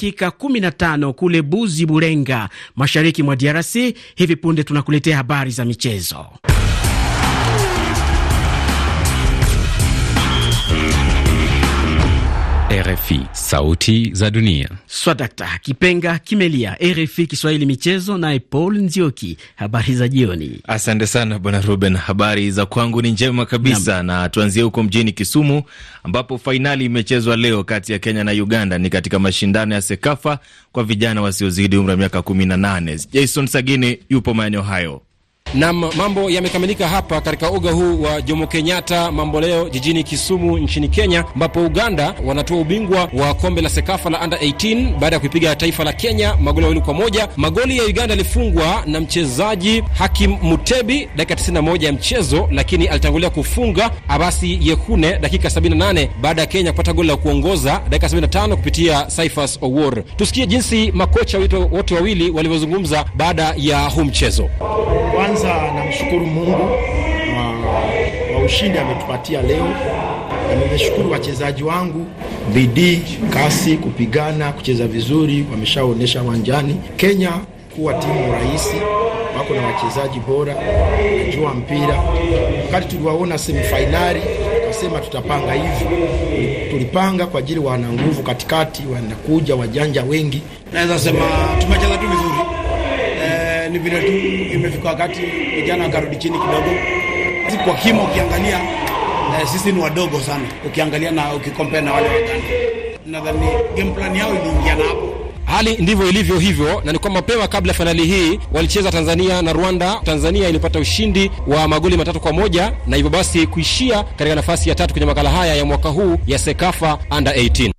dakika 15 kule Buzi Burenga, mashariki mwa DRC. Hivi punde tunakuletea habari za michezo. RFI, sauti za dunia. Swadakta Kipenga kimelia. RFI Kiswahili michezo, naye Paul Nzioki, habari za jioni. Asante sana bwana Ruben, habari za kwangu ni njema kabisa Yam. na tuanzie huko mjini Kisumu ambapo fainali imechezwa leo kati ya Kenya na Uganda, ni katika mashindano ya SEKAFA kwa vijana wasiozidi umri wa miaka 18. Jason Sagini yupo maeneo hayo. Na mambo yamekamilika hapa katika uga huu wa Jomo Kenyatta mamboleo jijini Kisumu nchini Kenya, ambapo Uganda wanatoa ubingwa wa kombe la Sekafa la under 18 baada ya kuipiga taifa la Kenya magoli mawili kwa moja. Magoli ya Uganda yalifungwa na mchezaji Hakim Mutebi dakika 91 ya mchezo, lakini alitangulia kufunga Abasi Yekune dakika 78 baada ya Kenya kupata goli la kuongoza dakika 75 kupitia Cyphers Owor. Tusikie jinsi makocha wote wawili walivyozungumza baada ya huu mchezo kwanza namshukuru Mungu wa ushindi ametupatia leo, na nimeshukuru wachezaji wangu, bidii, kasi, kupigana, kucheza vizuri, wameshaonyesha uwanjani. Kenya kuwa timu rahisi wako na wachezaji bora, najua mpira. Wakati tuliwaona semifainali, tukasema tutapanga hivi, tulipanga kwa ajili, wana nguvu katikati, wanakuja wajanja wengi. Naweza sema tumecheza tu vizuri ni vile tu imefika wakati vijana wakarudi chini kidogo. Kwa kimo ukiangalia, eh, sisi ni wadogo sana ukiangalia na ukikompea na wale waganda, nadhani game plan yao na hapo. Hali ndivyo ilivyo hivyo, na ni kwa mapema kabla fainali hii walicheza Tanzania na Rwanda. Tanzania ilipata ushindi wa magoli matatu kwa moja na hivyo basi kuishia katika nafasi ya tatu kwenye makala haya ya mwaka huu ya Sekafa Under 18.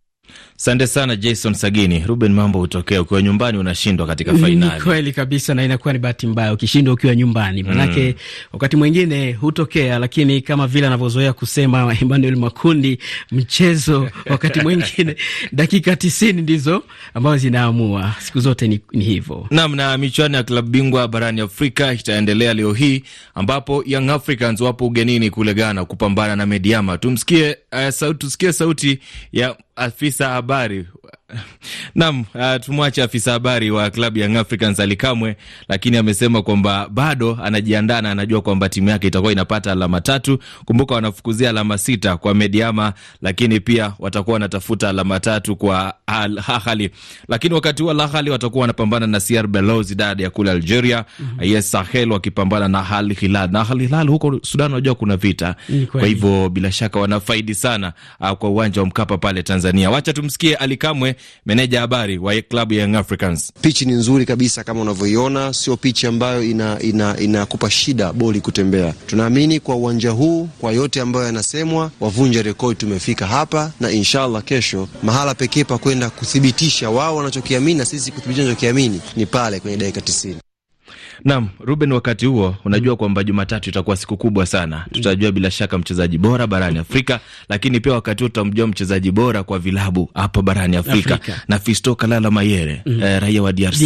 Asante sana Jason Sagini. Ruben, mambo hutokea ukiwa nyumbani, unashindwa katika fainali. Ni kweli kabisa, na inakuwa ni bahati mbaya ukishindwa ukiwa nyumbani, mm. manake mm, wakati mwingine hutokea, lakini kama vile anavyozoea kusema Emmanuel Makundi, mchezo wakati mwingine dakika tisini ndizo ambazo zinaamua, siku zote ni, ni hivyo nam. Na michuano ya klabu bingwa barani Afrika itaendelea leo hii ambapo Young Africans wapo ugenini kule Ghana kupambana na Mediama. Tumsikie uh, eh, sauti, tusikie sauti ya afisa habari Naam, uh, tumwache afisa habari wa klabu ya Young Africans Alikamwe, lakini amesema kwamba bado anajiandaa na anajua kwamba timu yake itakuwa inapata alama tatu. Kumbuka wanafukuzia alama sita kwa Mediama, lakini pia watakuwa wanatafuta alama tatu kwa Al Ahly, lakini wakati huo Al Ahly watakuwa wanapambana na CR Belouizdad ya kule Algeria, mm -hmm. Yes, Sahel wakipambana na Al Hilal, na Al Hilal huko Sudan unajua kuna vita, Nikwe. kwa hivyo bila shaka wanafaidi sana uh, kwa uwanja wa Mkapa pale Tanzania. Wacha tumsikie Alikamwe meneja habari wa klabu ya Young Africans. Pichi ni nzuri kabisa kama unavyoiona, sio pichi ambayo inakupa ina, ina shida boli kutembea. Tunaamini kwa uwanja huu, kwa yote ambayo yanasemwa, wavunja rekodi, tumefika hapa na inshallah kesho, mahala pekee pa kwenda kuthibitisha wao wanachokiamini na sisi kuthibitisha wanachokiamini ni pale kwenye dakika tisini. Naam, Ruben, wakati huo unajua kwamba Jumatatu itakuwa siku kubwa sana. Mm. Tutajua bila shaka mchezaji bora barani mm. Afrika, lakini pia wakati huo tutamjua mchezaji bora kwa vilabu hapa barani Afrika, Afrika. na Fisto Kalala Mayere mm. eh, raia wa DRC,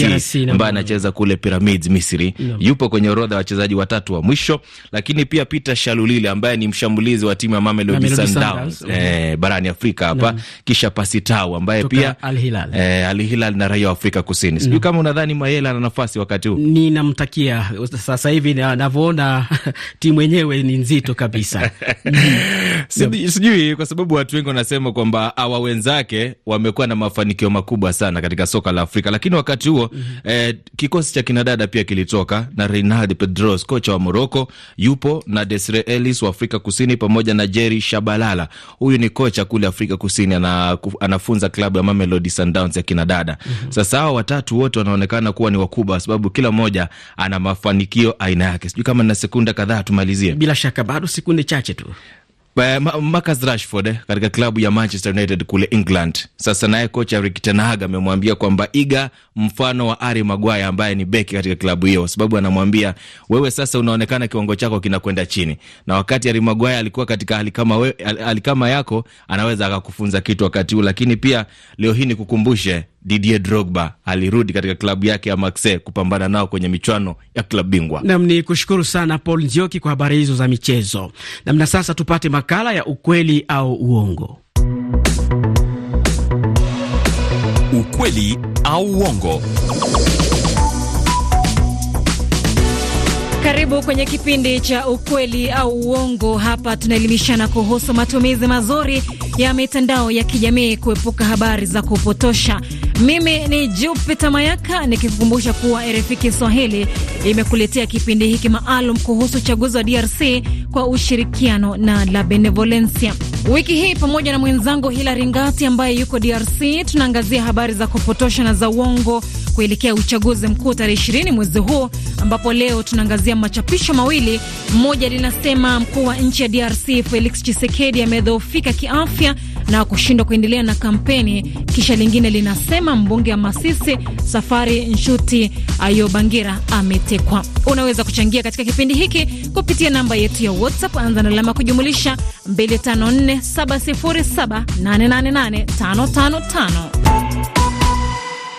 ambaye anacheza kule Pyramids Misri no. yupo kwenye orodha ya wachezaji watatu wa mwisho, lakini pia Peter Shalulile ambaye ni mshambulizi wa timu ya Mamelodi Sundowns eh, barani Afrika hapa no. kisha Pasitau ambaye Toka pia Al Hilal eh, Al Hilal na raia wa Afrika Kusini. Sijui no. kama unadhani Mayele ana nafasi wakati huu? Ninamta unatakia sasa hivi navyoona, timu yenyewe ni nzito kabisa Sijui, yep. kwa sababu watu wengi wanasema kwamba awa wenzake wamekuwa na mafanikio makubwa sana katika soka la Afrika, lakini wakati huo mm -hmm. eh, kikosi cha kinadada pia kilitoka na Reinhard Pedros, kocha wa Moroko yupo na Desire Ellis wa Afrika Kusini pamoja na Jerry Shabalala, huyu ni kocha kule Afrika Kusini, ana, anafunza klabu ya Mamelodi Sundowns ya kinadada mm -hmm. Sasa hawa watatu wote wanaonekana kuwa ni wakubwa, sababu kila mmoja ana mafanikio aina yake. Sijui kama na sekunda kadhaa tumalizie, bila shaka bado sekunde chache tu Eh, Marcus Rashford eh, katika klabu ya Manchester United kule England. Sasa naye kocha Erik ten Hag amemwambia kwamba iga mfano wa Ari magwaya ambaye ni beki katika klabu hiyo, kwa sababu anamwambia wewe, sasa unaonekana kiwango chako kinakwenda chini, na wakati Ari Magwaya alikuwa katika hali kama we, hali kama yako, anaweza akakufunza kitu wakati huu. Lakini pia leo hii nikukumbushe Didier Drogba alirudi katika klabu yake ya Marseille kupambana nao kwenye michuano ya klabu bingwa. Nam ni kushukuru sana Paul Nzioki kwa habari hizo za michezo. Namna sasa tupate makala ya ukweli au uongo. Ukweli au uongo. Karibu kwenye kipindi cha ukweli au uongo. Hapa tunaelimishana kuhusu matumizi mazuri ya mitandao ya kijamii kuepuka habari za kupotosha. Mimi ni jupita Mayaka nikikukumbusha kuwa RFI Kiswahili imekuletea kipindi hiki maalum kuhusu uchaguzi wa DRC kwa ushirikiano na La Benevolencia. Wiki hii pamoja na mwenzangu Hilari Ngati ambaye yuko DRC tunaangazia habari za kupotosha na za uongo kuelekea uchaguzi mkuu tarehe 20 mwezi huu, ambapo leo tunaangazia machapisho mawili. Mmoja linasema mkuu wa nchi ya DRC Felix Tshisekedi amedhoofika kiafya na kushindwa kuendelea na kampeni. Kisha lingine linasema mbunge wa Masisi Safari Nshuti Ayobangira ametekwa. Unaweza kuchangia katika kipindi hiki kupitia namba yetu ya WhatsApp, anza na alama kujumulisha 254707888555.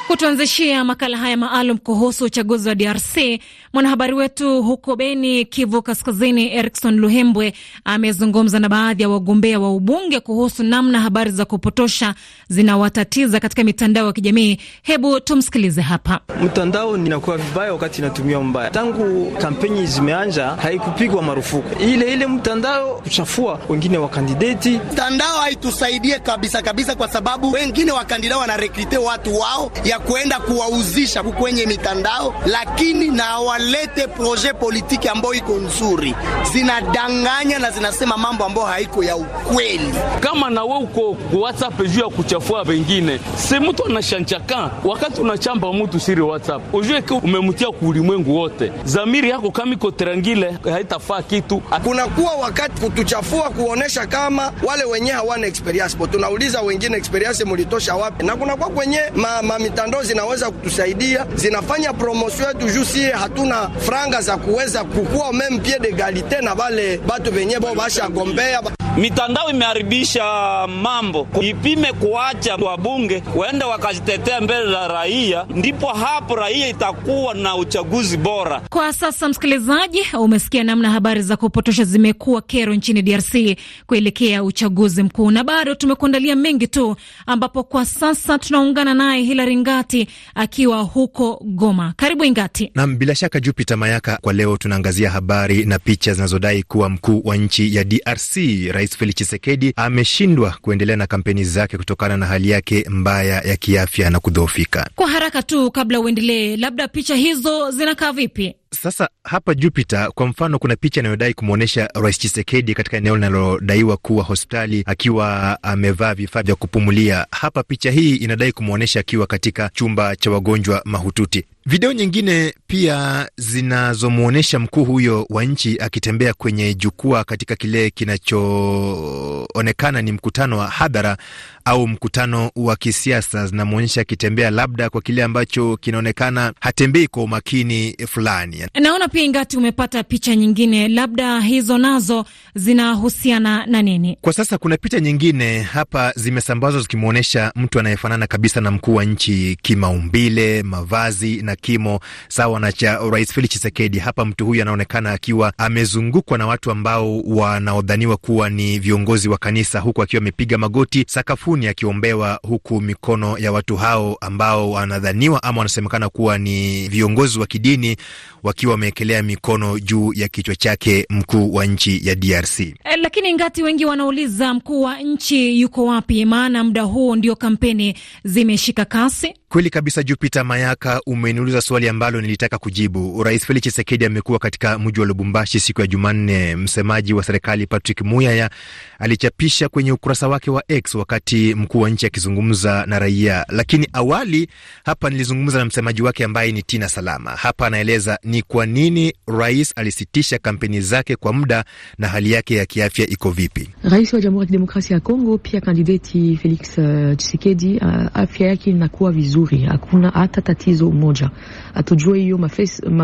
Kutuanzishia makala haya maalum kuhusu uchaguzi wa DRC, mwanahabari wetu huko Beni, Kivu Kaskazini, Erikson Luhembwe amezungumza na baadhi ya wagombea wa ubunge kuhusu namna habari za kupotosha zinawatatiza katika mitandao ya kijamii. Hebu tumsikilize hapa. Mtandao inakuwa vibaya wakati inatumiwa mbaya. Tangu kampeni zimeanza, haikupigwa marufuku ile ile mtandao kuchafua wengine wa kandideti. Mtandao haitusaidie kabisa kabisa, kwa sababu wengine wakandidao wanarekrite watu wao ya ya kuenda kuwauzisha kwenye mitandao, lakini na walete proje politiki ambayo iko nzuri, zinadanganya na zinasema mambo ambayo haiko ya ukweli. Kama wewe uko ku WhatsApp juu ya kuchafua wengine, si mtu anashanchaka wakati unachamba mtu siri WhatsApp, ujue ki umemtia kuulimwengu wote, zamiri yako kama iko trangile haitafaa kitu. Kunakuwa wakati kutuchafua kuonesha kama wale wenye hawana experience tunauliza wengine experience mulitosha wapi, na kunakuwa kwenye ma, ma mitandao ndoo zinaweza kutusaidia, zinafanya promosio yetu juu sie hatuna franga za kuweza kukua meme pied d'egalite na vale batu venye bo bashagombea ba Mitandao imeharibisha mambo, ipime kuacha wabunge waende wakajitetea mbele la raia, ndipo hapo raia itakuwa na uchaguzi bora. Kwa sasa, msikilizaji, umesikia namna habari za kupotosha zimekuwa kero nchini DRC kuelekea uchaguzi mkuu, na bado tumekuandalia mengi tu, ambapo kwa sasa tunaungana naye Hilari Ngati akiwa huko Goma. Karibu Ingati. Nam, bila shaka Jupiter Mayaka, kwa leo tunaangazia habari na picha zinazodai kuwa mkuu wa nchi ya DRC Rais Felix Chisekedi ameshindwa kuendelea na kampeni zake kutokana na hali yake mbaya ya kiafya na kudhoofika. Kwa haraka tu, kabla uendelee, labda picha hizo zinakaa vipi? Sasa hapa Jupiter kwa mfano, kuna picha inayodai kumwonyesha Rais Chisekedi katika eneo linalodaiwa kuwa hospitali akiwa amevaa vifaa vya kupumulia. Hapa picha hii inadai kumwonyesha akiwa katika chumba cha wagonjwa mahututi. Video nyingine pia zinazomwonyesha mkuu huyo wa nchi akitembea kwenye jukwaa katika kile kinachoonekana ni mkutano wa hadhara au mkutano wa kisiasa, zinamwonyesha akitembea labda kwa kile ambacho kinaonekana hatembei kwa umakini fulani. Kenya. Naona pia ingati umepata picha nyingine, labda hizo nazo zinahusiana na nini? Kwa sasa kuna picha nyingine hapa zimesambazwa zikimwonyesha mtu anayefanana kabisa na mkuu wa nchi kimaumbile, mavazi na kimo sawa na cha Rais Felix Tshisekedi. Hapa mtu huyu anaonekana akiwa amezungukwa na watu ambao wanaodhaniwa kuwa ni viongozi wa kanisa, huku akiwa amepiga magoti sakafuni akiombewa, huku mikono ya watu hao ambao wanadhaniwa ama wanasemekana kuwa ni viongozi wa kidini wakiwa wameekelea mikono juu ya kichwa chake mkuu wa nchi ya DRC. E, eh, lakini ngati wengi wanauliza mkuu wa nchi yuko wapi? Maana muda huo ndio kampeni zimeshika kasi. Kweli kabisa, Jupita Mayaka, umeniuliza swali ambalo nilitaka kujibu. Rais Felix chisekedi amekuwa katika mji wa Lubumbashi siku ya Jumanne. Msemaji wa serikali Patrick Muyaya alichapisha kwenye ukurasa wake wa X wakati mkuu wa nchi akizungumza na raia. Lakini awali hapa nilizungumza na msemaji wake ambaye ni Tina Salama. Hapa anaeleza ni kwa nini rais alisitisha kampeni zake kwa muda na hali yake ya kiafya iko vipi. Rais wa Jamhuri ya Kidemokrasia ya Kongo pia kandideti Felix Chisekedi eh, uh, eh, afya yake inakuwa vizuri vizuri, hakuna hata tatizo moja. Hatujue hiyo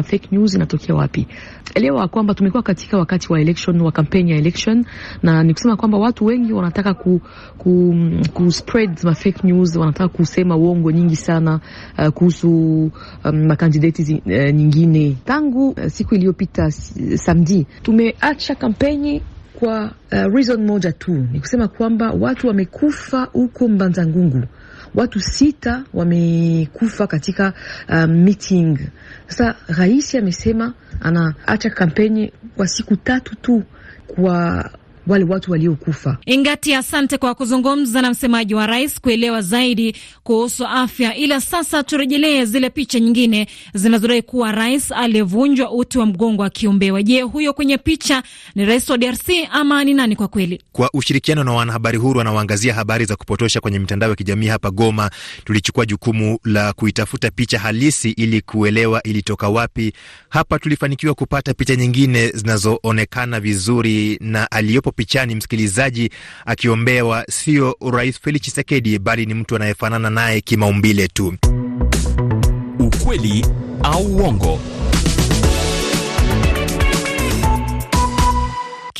fake news inatokea wapi. Elewa kwamba tumekuwa katika wakati wa election, wa kampeni ya election, na ni kusema kwamba watu wengi wanataka ku, ku, ku spread fake news, wanataka kusema uongo nyingi sana uh, kuhusu um, makandidati uh, eh, nyingine. Tangu uh, siku iliyopita samedi tumeacha kampeni kwa uh, reason moja tu, ni kusema kwamba watu wamekufa huko Mbanza Ngungu watu sita wamekufa katika uh, meeting. Sasa rais amesema anaacha kampeni kwa siku tatu tu kwa wale watu waliokufa. Ingati, asante kwa kuzungumza na msemaji wa rais kuelewa zaidi kuhusu afya. Ila sasa turejelee zile picha nyingine zinazodai kuwa rais aliyevunjwa uti wa mgongo akiombewa. Je, huyo kwenye picha ni rais wa DRC ama ni nani? Kwa kweli, kwa ushirikiano na wanahabari huru wanaoangazia habari za kupotosha kwenye mitandao ya kijamii hapa Goma, tulichukua jukumu la kuitafuta picha halisi ili kuelewa ilitoka wapi. Hapa tulifanikiwa kupata picha nyingine zinazoonekana vizuri na aliyopo pichani msikilizaji, akiombewa sio Rais Felix chisekedi bali ni mtu anayefanana naye kimaumbile tu. Ukweli au uongo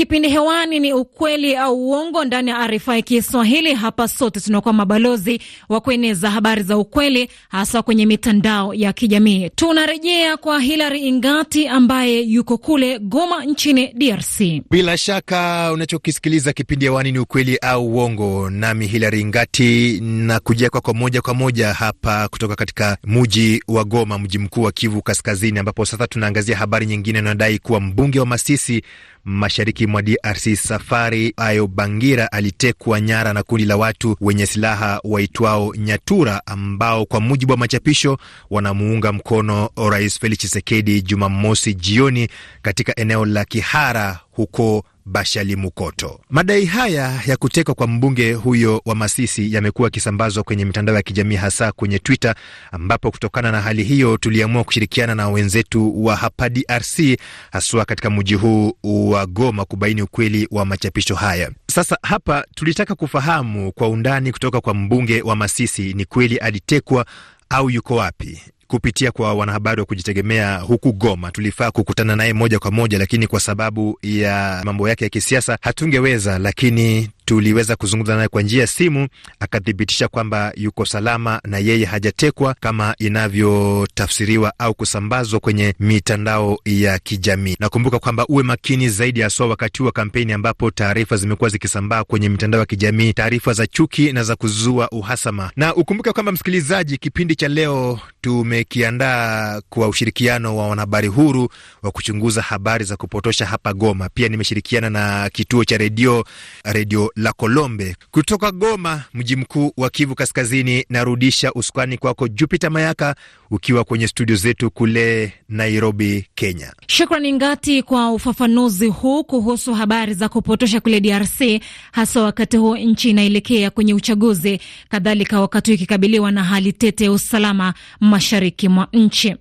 Kipindi hewani ni ukweli au uongo, ndani ya RFI Kiswahili. Hapa sote tunakuwa mabalozi wa kueneza habari za ukweli, hasa kwenye mitandao ya kijamii. Tunarejea kwa Hilary Ingati ambaye yuko kule Goma nchini DRC. Bila shaka unachokisikiliza kipindi hewani ni ukweli au uongo, nami Hilary Ingati na kujia kwako moja kwa moja hapa kutoka katika mji wa Goma, mji mkuu wa Kivu Kaskazini, ambapo sasa tunaangazia habari nyingine inayodai kuwa mbunge wa Masisi mashariki mwa DRC. Safari Ayo Bangira alitekwa nyara na kundi la watu wenye silaha waitwao Nyatura, ambao kwa mujibu wa machapisho wanamuunga mkono Rais Felix Tshisekedi Jumamosi jioni katika eneo la Kihara huko Bashali Mukoto. Madai haya ya kutekwa kwa mbunge huyo wa Masisi yamekuwa yakisambazwa kwenye mitandao ya kijamii hasa kwenye Twitter, ambapo kutokana na hali hiyo tuliamua kushirikiana na wenzetu wa hapa DRC, haswa katika mji huu wa Goma kubaini ukweli wa machapisho haya. Sasa hapa tulitaka kufahamu kwa undani kutoka kwa mbunge wa Masisi, ni kweli alitekwa au yuko wapi? kupitia kwa wanahabari wa kujitegemea huku Goma. Tulifaa kukutana naye moja kwa moja, lakini kwa sababu ya mambo yake ya kisiasa hatungeweza, lakini tuliweza kuzungumza naye kwa njia ya simu, akathibitisha kwamba yuko salama na yeye hajatekwa kama inavyotafsiriwa au kusambazwa kwenye mitandao ya kijamii. Nakumbuka kwamba uwe makini zaidi, haswa wakati wa kampeni ambapo taarifa zimekuwa zikisambaa kwenye mitandao ya kijamii, taarifa za chuki na za kuzua uhasama. Na ukumbuke kwamba, msikilizaji, kipindi cha leo tumekiandaa kwa ushirikiano wa wanahabari huru wa kuchunguza habari za kupotosha hapa Goma. Pia nimeshirikiana na kituo cha redio redio la Kolombe. Kutoka Goma, mji mkuu wa Kivu Kaskazini, narudisha usukani kwako jupite Mayaka, ukiwa kwenye studio zetu kule Nairobi, Kenya. Shukrani ngati kwa ufafanuzi huu kuhusu habari za kupotosha kule DRC, hasa wakati huu nchi inaelekea kwenye uchaguzi, kadhalika wakati ikikabiliwa na hali tete ya usalama mashariki mwa nchi.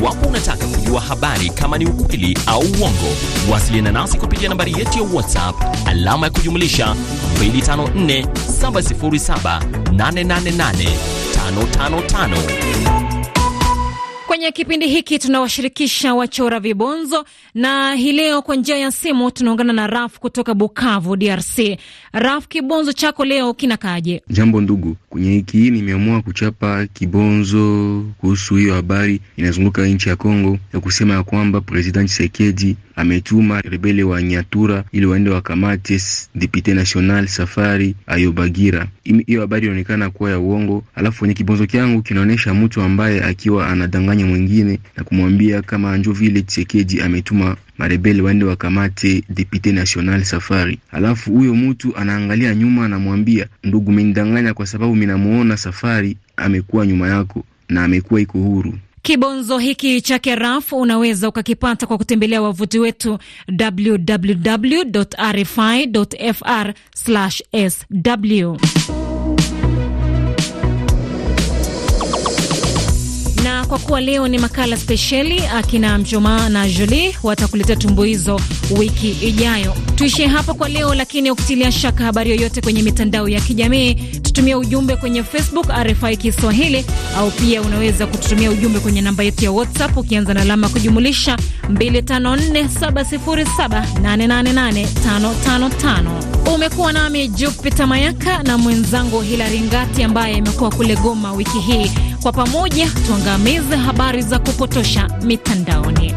Iwapo unataka kujua habari kama ni ukweli au uongo, wasiliana nasi kupitia nambari yetu ya WhatsApp alama ya kujumlisha 254 707 888 555. Kwenye kipindi hiki tunawashirikisha wachora vibonzo na hii leo kwa njia ya simu tunaungana na Raf kutoka Bukavu, DRC. Raf, kibonzo chako leo kinakaaje? Jambo ndugu, Kwenye wiki hii nimeamua kuchapa kibonzo kuhusu hiyo habari inazunguka nchi ya Kongo ya kusema ya kwamba President Tshisekedi ametuma rebele wa Nyatura ili waende wakamate depute national Safari Ayobagira. Hiyo habari inaonekana kuwa ya uongo, alafu kwenye kibonzo kyangu kinaonyesha mtu ambaye akiwa anadanganya mwingine na kumwambia kama njo vile Tshisekedi ametuma marebeli waende wakamate depute national Safari. Alafu huyo mtu anaangalia nyuma, anamwambia ndugu, menidanganya kwa sababu minamuona Safari amekuwa nyuma yako na amekuwa iko huru. Kibonzo hiki chake rafu unaweza ukakipata kwa kutembelea wavuti wetu www.rfi.fr/sw. kwa kuwa leo ni makala spesheli, akina Mjoma na juli watakuletea tumbuizo wiki ijayo. Tuishie hapo kwa leo, lakini ukitilia shaka habari yoyote kwenye mitandao ya kijamii, tutumia ujumbe kwenye Facebook RFI Kiswahili, au pia unaweza kututumia ujumbe kwenye namba yetu ya WhatsApp ukianza na alama kujumulisha 254707888555. Umekuwa nami Jupita Mayaka na mwenzangu Hilari Ngati ambaye amekuwa kule Goma wiki hii. Kwa pamoja tuangamize habari za kupotosha mitandaoni.